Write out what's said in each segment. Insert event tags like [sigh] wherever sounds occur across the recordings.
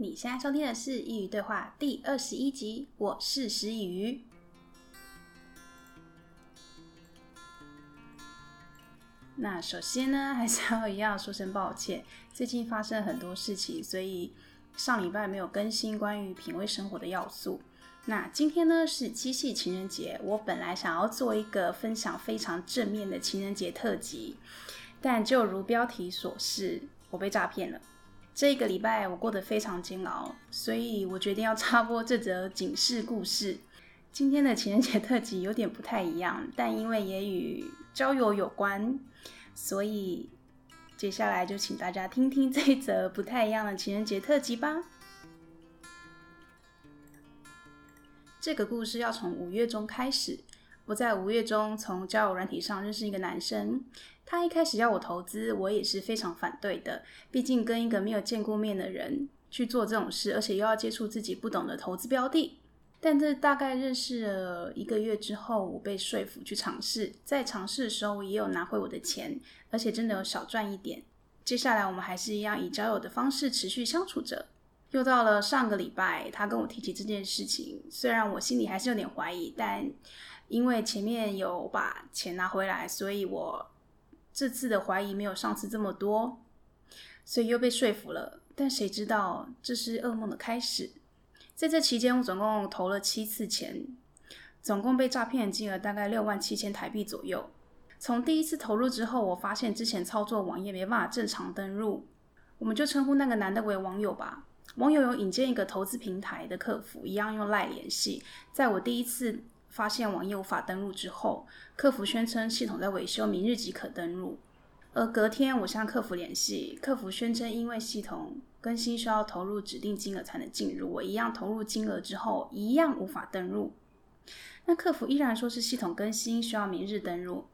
你現在收聽的是《佾萮對話》第二十一集，我是師佾萮。那首先呢，還是要一樣說聲抱歉，最近發生很多事情，所以上禮拜沒有更新關於品味生活的要素。那今天呢是七夕情人節，我本來想要做一個分享非常正面的情人節特輯，但就如標題所示，我被詐騙了。這個禮拜我過得非常煎熬，所以我決定要插播這則警示故事。今天的情人節特輯有點不太一樣，但因為也與交友有關，所以接下來就請大家聽聽這則不太一樣的情人節特輯吧。這個故事要從五月中開始，我在五月中從交友軟體上認識一個男生。他一開始要我投資，我也是非常反對的。畢竟跟一個沒有見過面的人去做這種事，而且又要接觸自己不懂的投資標的。但這大概認識了一個月之後，我被說服去嘗試。在嘗試的時候，我也有拿回我的錢，而且真的有少賺一點。接下來我們還是一樣以交友的方式持續相處着。又到了上個禮拜，他跟我提起這件事情，雖然我心裡還是有點懷疑，但因為前面有把錢拿回來，所以我。這次的懷疑沒有上次這麼多，所以又被說服了。但誰知道這是噩夢的開始？在這期間，我總共投了七次錢，總共被詐騙的金額大概六萬七千台幣左右。從第一次投入之後，我發現之前操作網頁沒辦法正常登入，我們就稱呼那個男的為網友吧。網友有引薦一個投資平台的客服，一樣用 Line 聯繫。在我第一次發現網頁無法登錄之後，客服宣稱系統在維修，明日即可登錄。而隔天我向客服聯繫，客服宣稱因為系統更新需要投入指定金額才能進入，我一樣投入金額之後一樣無法登錄。那客服依然說是系統更新需要明日登錄，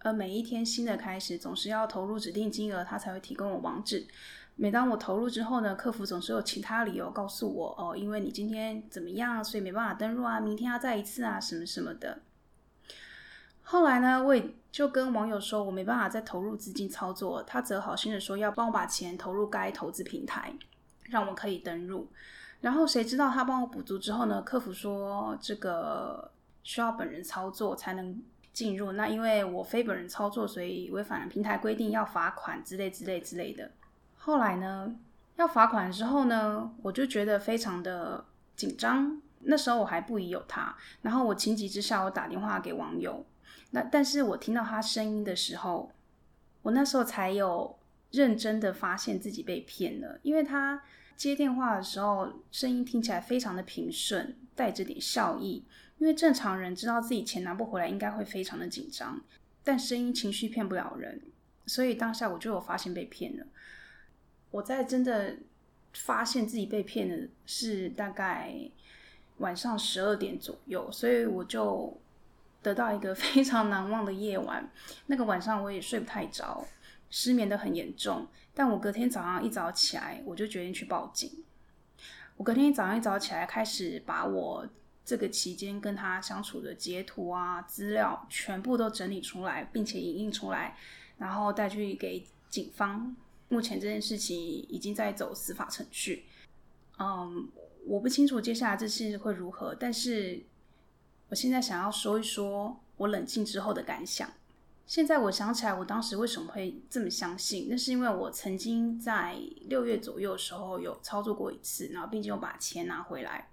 而每一天新的開始總是要投入指定金額，他才會提供我網址。每當我投入之後呢，客服總是有其他理由告訴我哦，因為你今天怎麼樣，所以沒辦法登入啊，明天要再一次啊，什麼什麼的。後來呢，我也就跟網友說，我沒辦法再投入資金操作，他則好心的說要幫我把錢投入該投資平台，讓我可以登入。然後誰知道他幫我補足之後呢，客服說這個需要本人操作才能進入，那因為我非本人操作，所以違反平台規定要罰款之類之類之類的。後來呢，要罰款之後呢，我就覺得非常的緊張。那時候我還不疑有他，然後我情急之下，我打電話給網友。那但是我聽到他聲音的時候，我那時候才有認真的發現自己被騙了。因為他接電話的時候，聲音聽起來非常的平順，帶着點笑意。因為正常人知道自己錢拿不回來，應該會非常的緊張，但聲音情緒騙不了人，所以當下我就有發現被騙了。我在真的發現自己被騙的是大概晚上十二點左右，所以我就得到一個非常難忘的夜晚。那個晚上我也睡不太着，失眠得很嚴重。但我隔天早上一早起來，我就決定，去報警。我隔天早上一早起來，開始把我這個期間跟他相處的截圖啊、資料全部都整理出來，並且影印出來，然後帶去給警方。目前這件事情已經在走司法程序，嗯，um，我不清楚接下來這次會如何，但是我現在想要說一說我冷靜之後的感想。現在我想起來，我當時為什麼會這麼相信？那是因為我曾經在六月左右的時候有操作過一次，然後並且又把錢拿回來，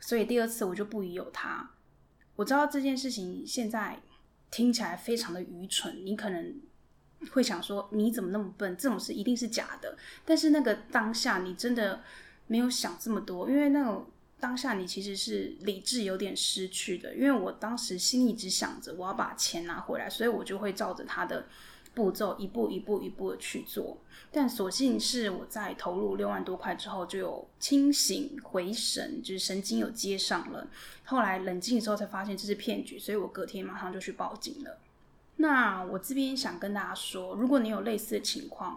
所以第二次我就不疑有他。我知道這件事情現在聽起來非常的愚蠢，你可能。會想說你怎麼那麼笨？這種事一定是假的。但是那個當下你真的沒有想這麼多，因為那種當下你其實是理智有點失去的。因為我當時心裡只想着我要把錢拿回來，所以我就會照着他的步驟一步一步一步一步的去做。但所幸是我在投入六萬多塊之後就有清醒回神，就是神經有接上了。後來冷靜之後才發現這是騙局，所以我隔天馬上就去報警了。那我這邊想跟大家說，如果你有類似的情況，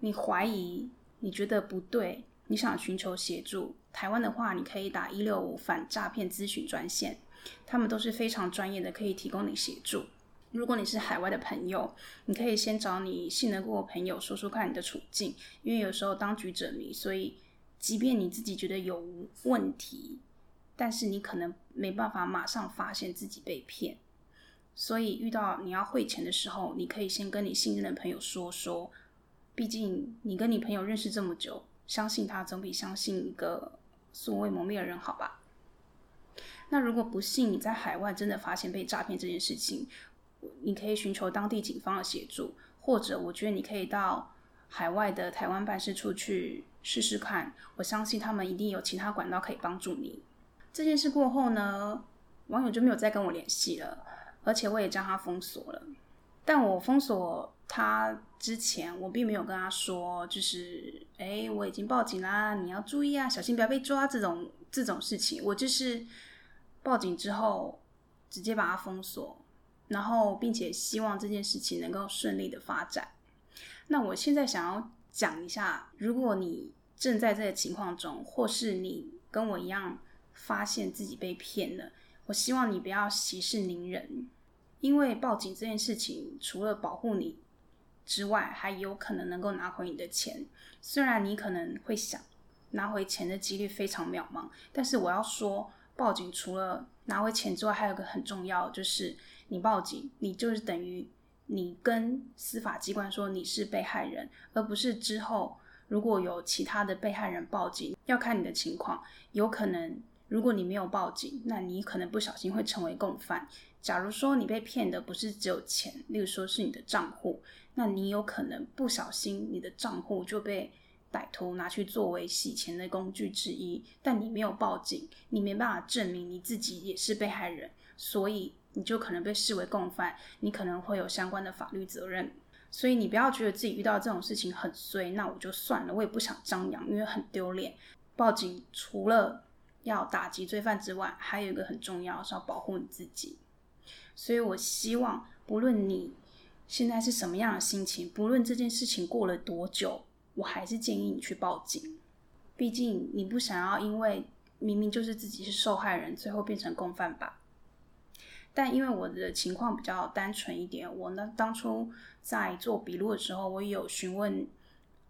你懷疑，你覺得不對，你想尋求協助，台灣的話，你可以打一六五反詐騙諮詢專線，他們都是非常專業的，可以提供你協助。如果你是海外的朋友，你可以先找你信得過的朋友說說看你的處境，因為有時候當局者迷，所以即便你自己覺得有問題，但是你可能沒辦法馬上發現自己被騙。所以遇到你要匯錢的時候，你可以先跟你信任的朋友說說，畢竟你跟你朋友認識這麼久，相信他總比相信一個素未謀面的人好吧？那如果不幸你在海外真的發現被詐騙這件事情，你可以尋求當地警方的協助，或者我覺得你可以到海外的台灣辦事處去試試看，我相信他們一定有其他管道可以幫助你。這件事過後呢，網友就沒有再跟我聯繫了。而且我也將他封鎖了，但我封鎖他之前，我並沒有跟他說，就是，哎，我已經報警啦，你要注意啊，小心不要被抓這種這種事情。我就是報警之後，直接把他封鎖，然後並且希望這件事情能夠順利的發展。那我現在想要講一下，如果你正在這個情況中，或是你跟我一樣發現自己被騙了，我希望你不要息事寧人。因為報警這件事情，除了保護你之外，還有可能能夠拿回你的錢。雖然你可能會想拿回錢的幾率非常渺茫，但是我要說，報警除了拿回錢之外，還有一個很重要，就是你報警，你就是等於你跟司法機關說你是被害人，而不是之後如果有其他的被害人報警，要看你的情況。有可能如果你沒有報警，那你可能不小心會成為共犯。假如說你被騙的不是只有錢，例如說是你的賬戶，那你有可能不小心你的賬戶就被歹徒拿去作為洗錢的工具之一，但你沒有報警，你沒辦法證明你自己也是被害人，所以你就可能被視為共犯，你可能會有相關的法律責任。所以你不要覺得自己遇到這種事情很衰，那我就算了，我也不想張揚，因為很丟臉。報警除了要打擊罪犯之外，還有一個很重要，是要保護你自己。所以，我希望不論你現在是什麼樣的心情，不論這件事情過了多久，我還是建議你去報警。畢竟，你不想要因為明明就是自己是受害人，最後變成共犯吧？但因為我的情況比較單純一點，我呢，當初在做筆錄的時候，我有詢問，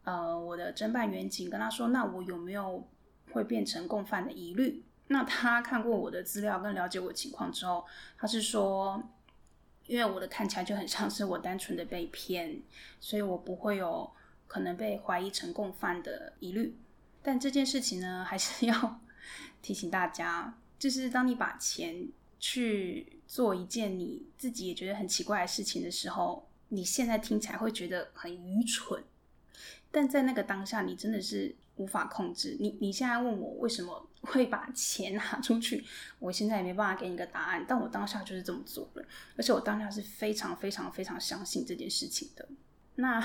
呃，我的偵辦員警，跟他說，那我有沒有會變成共犯的疑慮？那他看過我的資料，跟了解我情況之後，他是說，因為我的看起來就很像是我單純的被騙，所以我不會有可能被懷疑成共犯的疑慮。但這件事情呢，還是要提醒大家，就是當你把錢去做一件你自己也覺得很奇怪的事情的時候，你現在聽起來會覺得很愚蠢。但在那個當下，你真的是。無法控制你。你現在問我為什麼會把錢拿出去，我現在也沒辦法給你個答案。但我當下就是這麼做的，而且我當下是非常非常非常相信這件事情的。那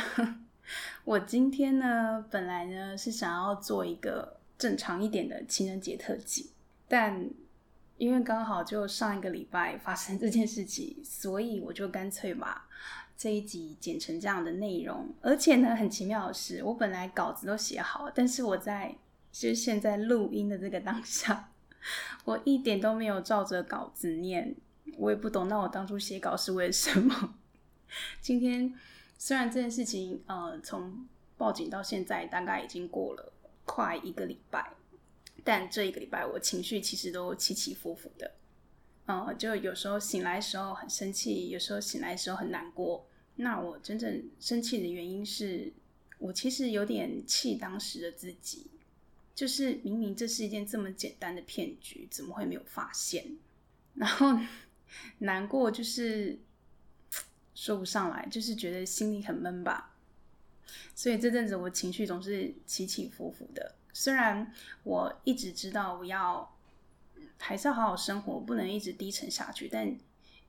我今天呢，本來呢是想要做一個正常一點的情人節特輯，但因為剛好就上一個禮拜發生這件事情，所以我就乾脆把。這一集剪成這樣的內容，而且呢，很奇妙的是，我本來稿子都寫好，但是我在就現在錄音的這個當下，我一點都沒有照着稿子念，我也不懂。那我當初寫稿是為什麼？今天雖然這件事情，呃，從報警到現在大概已經過了快一個禮拜，但這一個禮拜我情緒其實都起起伏伏的，嗯、呃，就有時候醒來的時候很生氣，有時候醒來的時候很難過。那我真正生氣的原因是，我其實有點氣當時的自己，就是明明這是一件這麼簡單的騙局，怎麼會沒有發現？然後難過就是說不上來，就是覺得心裡很悶吧。所以這陣子我情緒總是起起伏伏的。雖然我一直知道我要還是要好好生活，不能一直低沉下去，但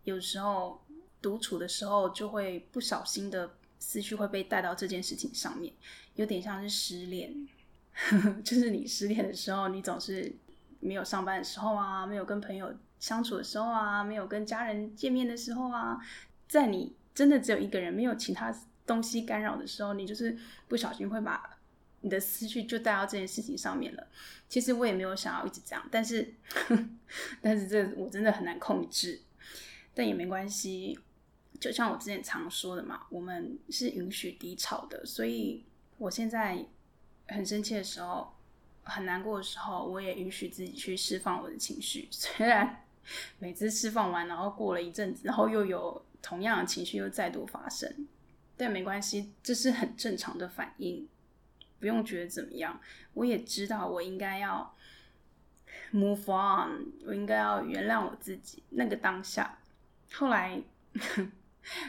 有時候獨處的時候，就會不小心的思緒會被帶到這件事情上面，有點像是失戀， [laughs] 就是你失戀的時候，你總是沒有上班的時候啊，沒有跟朋友相處的時候啊，沒有跟家人見面的時候啊，在你真的只有一個人，沒有其他東西干擾的時候，你就是不小心會把你的思緒就帶到這件事情上面了。其實我也沒有想要一直這樣，但是， [laughs] 但是這我真的很難控制，但也沒關係。就像我之前常說的嘛，我們是允許低潮的，所以我現在很生氣的時候，很難過的時候，我也允許自己去釋放我的情緒。雖 [laughs] 然每次釋放完，然後過了一陣子，然後又有同樣的情緒又再度發生，但沒關係，這是很正常的反應，不用覺得怎麼樣。我也知道我應該要 move on，我應該要原諒我自己。那個當下，後來。 [laughs]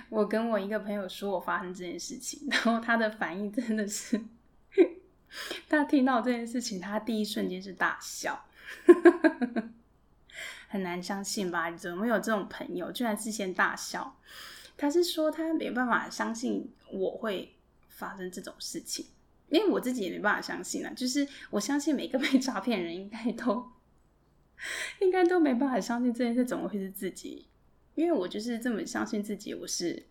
我跟我一個朋友說，我發生這件事情，然後他的反應真的是，他聽到這件事情，他第一瞬間是大笑， [laughs] 很難相信吧？怎麼會有這種朋友，居然是先大笑？他是說他沒辦法相信我會發生這種事情，因為我自己也沒辦法相信啊。就是我相信每個被詐騙人應該都應該都沒辦法相信這件事，怎麼會是自己？因為我就是這麼相信自己，我是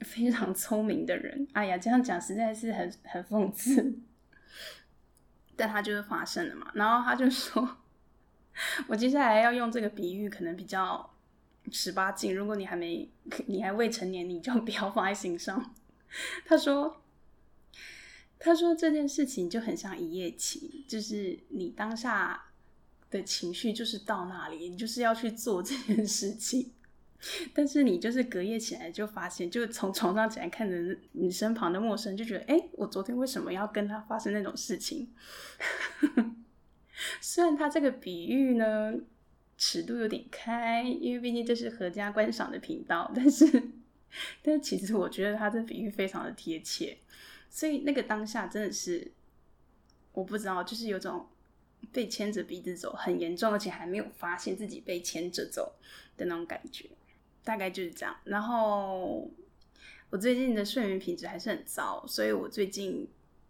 非常聰明的人。哎呀，這樣講實在是很很諷刺，但他就是發生了嘛。然後他就說：“我接下來要用這個比喻，可能比較十八禁。如果你還沒你還未成年，你就不要放在心上。”他說：“他說這件事情就很像一夜情，就是你當下的情緒就是到那裡，你就是要去做這件事情。”但是你就是隔夜起來就發現，就是從床上起來看着你身旁的陌生，就覺得誒、欸，我昨天為什麼要跟他發生那種事情？ [laughs] 雖然他這個比喻，呢尺度有點開，因為畢竟這是合家觀賞的頻道，但是，但是其實我覺得他的比喻非常的貼切，所以那個當下真的是我不知道，就是有種被牽着鼻子走，很嚴重，而且還沒有發現自己被牽着走的那種感覺。大概就是這樣。然後我最近的睡眠品質還是很糟，所以我最近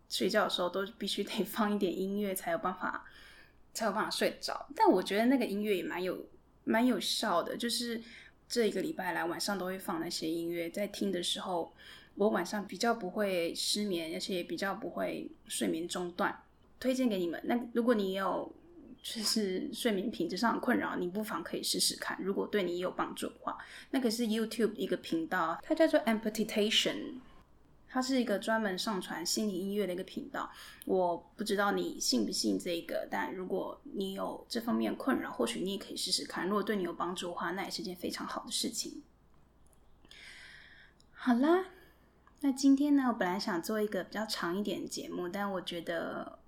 睡覺的時候都必須得放一點音樂才有辦法，才有辦法睡着。但我覺得那個音樂也蠻有蠻有效的，就是這一個禮拜來晚上都會放那些音樂，在聽的時候，我晚上比較不會失眠，而且也比較不會睡眠中斷。推薦給你們。那如果你有。就是睡眠品質上的困擾，你不妨可以試試看。如果對你有幫助的話，那個是 YouTube 一個頻道，它叫做 Emptitation，它是一個專門上傳心靈音樂的一個頻道。我不知道你信不信這個，但如果你有這方面困擾，或許你也可以試試看。如果對你有幫助的話，那也是件非常好的事情。好啦，那今天呢，我本來想做一個比較長一點的節目，但我覺得。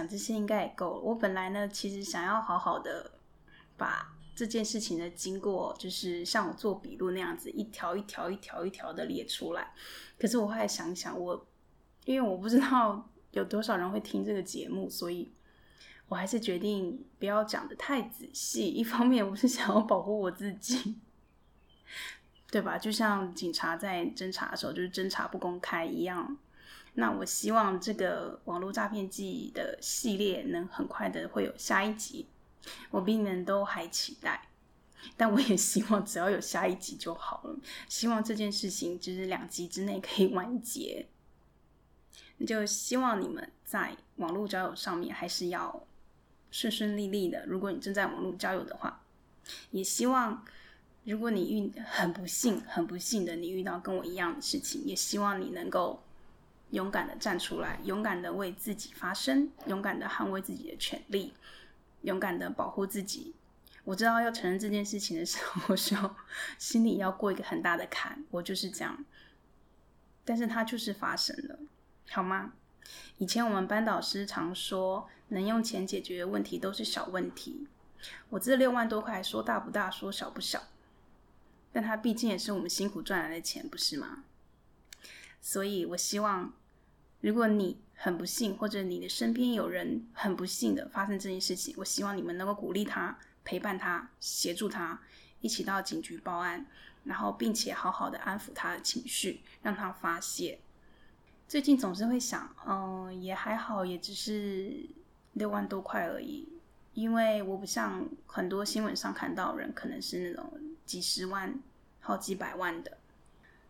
講這些應該也夠了。我本來呢，其實想要好好的把這件事情的經過，就是像我做筆錄那樣子，一條一條一條一條，一條的列出來。可是我後來想一想，我因為我不知道有多少人會聽這個節目，所以我還是決定不要講得太仔細。一方面我是想要保護我自己，對吧？就像警察在偵查的時候，就是偵查不公開一樣。那我希望這個網絡詐騙記的系列，能很快的會有下一集，我比你們都還期待。但我也希望只要有下一集就好了。希望這件事情就是兩集之內可以完結。那就希望你們在網絡交友上面還是要順順利利的。如果你正在網絡交友的話，也希望如果你遇很不幸、很不幸的你遇到跟我一樣的事情，也希望你能夠。勇敢的站出來，勇敢的為自己發聲，勇敢的捍衛自己的權利，勇敢的保護自己。我知道要承認這件事情的時候，我就心裡要過一個很大的坎。我就是這樣，但是它就是發生了，好嗎？以前我們班導師常說，能用錢解決的問題都是小問題。我這六萬多塊，說大不大，說小不小，但它畢竟也是我們辛苦賺來的錢，不是嗎？所以我希望。如果你很不幸，或者你的身邊有人很不幸的發生這件事情，我希望你們能夠鼓勵他、陪伴他、協助他一起到警局報案，然後並且好好的安撫他的情緒，讓他發洩。最近總是會想，嗯、呃，也還好，也只是六萬多塊而已，因為我不像很多新聞上看到人，可能是那種幾十萬、好幾百萬的。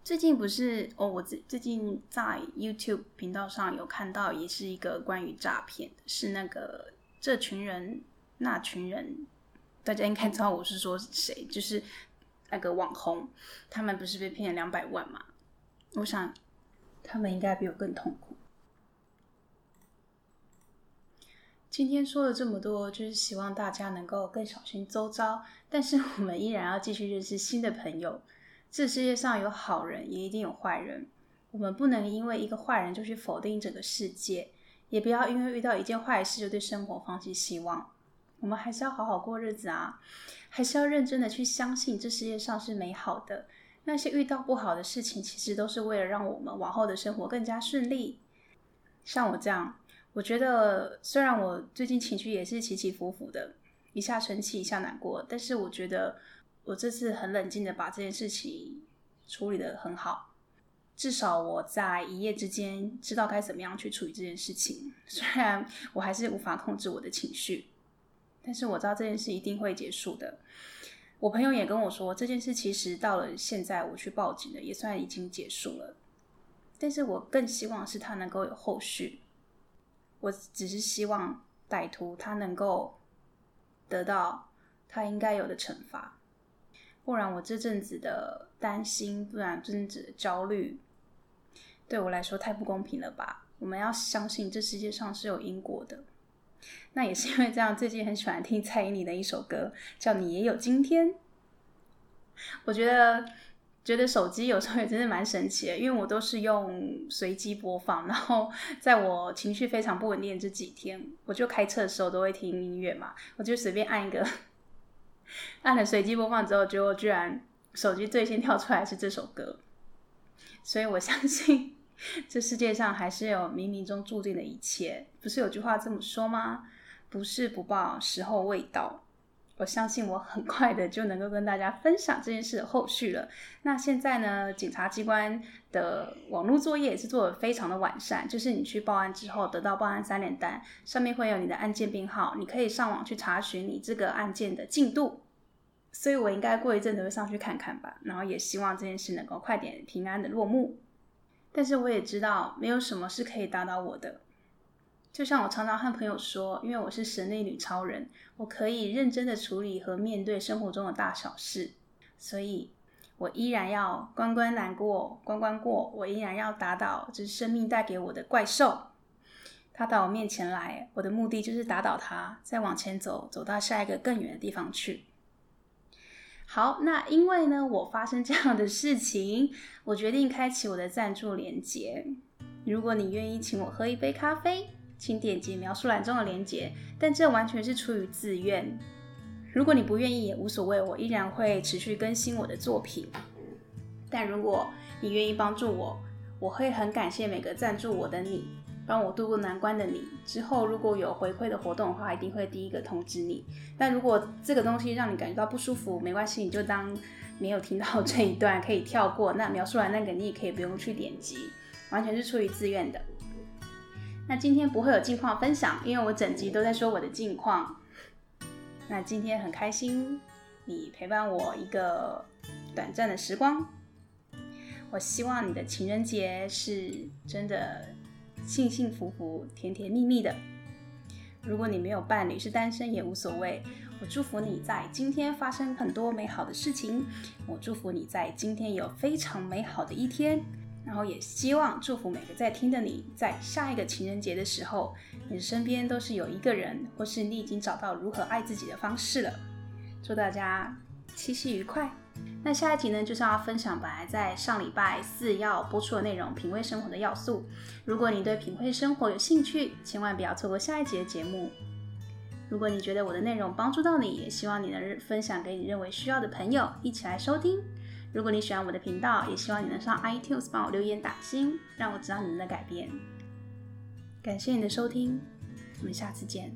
最近不是哦，我最最近在 YouTube 頻道上有看到，也是一個關於詐騙，是那個這群人，那群人，大家應該知道我是說誰，就是那個網紅，他們不是被騙了兩百萬嘛？我想他們應該比我更痛苦。今天說了這麼多，就是希望大家能夠更小心周遭，但是我們依然要繼續認識新的朋友。這世界上有好人，也一定有壞人。我們不能因為一個壞人就去否定整個世界，也不要因為遇到一件壞事就對生活放棄希望。我們還是要好好過日子啊，還是要認真的去相信這世界上是美好的。那些遇到不好的事情，其實都是為了讓我們往後的生活更加順利。像我這樣，我覺得雖然我最近情緒也是起起伏伏的，一下生氣，一下難過，但是我覺得。我這次很冷靜的把這件事情處理得很好，至少我在一夜之間知道該怎麼樣去處理這件事情。雖然我還是無法控制我的情緒，但是我知道這件事一定會結束的。我朋友也跟我說，這件事其實到了現在，我去報警了，也算已經結束了。但是我更希望是他能夠有後續，我只是希望歹徒他能夠得到他應該有的懲罰。不然我這陣子的擔心，不然這陣子的焦慮，對我來說太不公平了吧？我們要相信這世界上是有因果的。那也是因為這樣，最近很喜歡聽蔡依林的一首歌，叫《你也有今天》。我覺得，覺得手機有時候也真的蠻神奇的，因為我都是用隨機播放。然後，在我情緒非常不穩定這幾天，我就開車的時候都會聽音樂嘛，我就隨便按一個。按了隨機播放之後，結果居然手機最先跳出來是這首歌，所以我相信這世界上還是有冥冥中注定的一切。不是有句話這麼說嗎？不是不報，時候未到。我相信我很快的就能夠跟大家分享這件事的後續了。那現在呢，警察機關的網絡作業也是做得非常的完善，就是你去報案之後得到報案三聯單，上面會有你的案件編號，你可以上網去查詢你這個案件的進度。所以，我應該過一陣子會上去看看吧。然後，也希望這件事能夠快點平安的落幕。但是，我也知道沒有什麼是可以打倒我的。就像我常常和朋友說，因為我是神力女超人，我可以認真的處理和面對生活中的大小事。所以，我依然要關關難過，關關過。我依然要打倒，就是生命帶給我的怪獸。他到我面前來，我的目的就是打倒他，再往前走，走到下一個更遠的地方去。好，那因為呢，我發生這樣的事情，我決定開啟我的贊助連結。如果你願意請我喝一杯咖啡，請點擊描述欄中的連結，但這完全是出於自願。如果你不願意也無所謂，我依然會持續更新我的作品。但如果你願意幫助我，我會很感謝每個贊助我的你。幫我渡過難關的你，之後如果有回饋的活動的話，一定會第一個通知你。但如果這個東西讓你感覺到不舒服，沒關係，你就當沒有聽到這一段，可以跳過。那描述完那個，你也可以不用去點擊，完全是出於自願的。那今天不會有近況分享，因為我整集都在說我的近況。那今天很開心，你陪伴我一個短暫的時光。我希望你的情人節是真的。幸幸福福、甜甜蜜蜜的。如果你沒有伴侶，是單身也無所謂。我祝福你在今天發生很多美好的事情。我祝福你在今天有非常美好的一天。然後也希望祝福每個在聽的你在下一個情人節的時候，你身邊都是有一個人，或是你已經找到如何愛自己的方式了。祝大家七夕愉快！那下一集呢，就是要分享本來在上禮拜四要播出的內容——品味生活的要素。如果你對品味生活有興趣，千萬不要錯過下一集的節目。如果你覺得我的內容幫助到你，也希望你能分享給你認為需要的朋友一起來收聽。如果你喜歡我的頻道，也希望你能上 iTunes 幫我留言打星，讓我知道你們的改變。感謝你的收聽，我們下次見。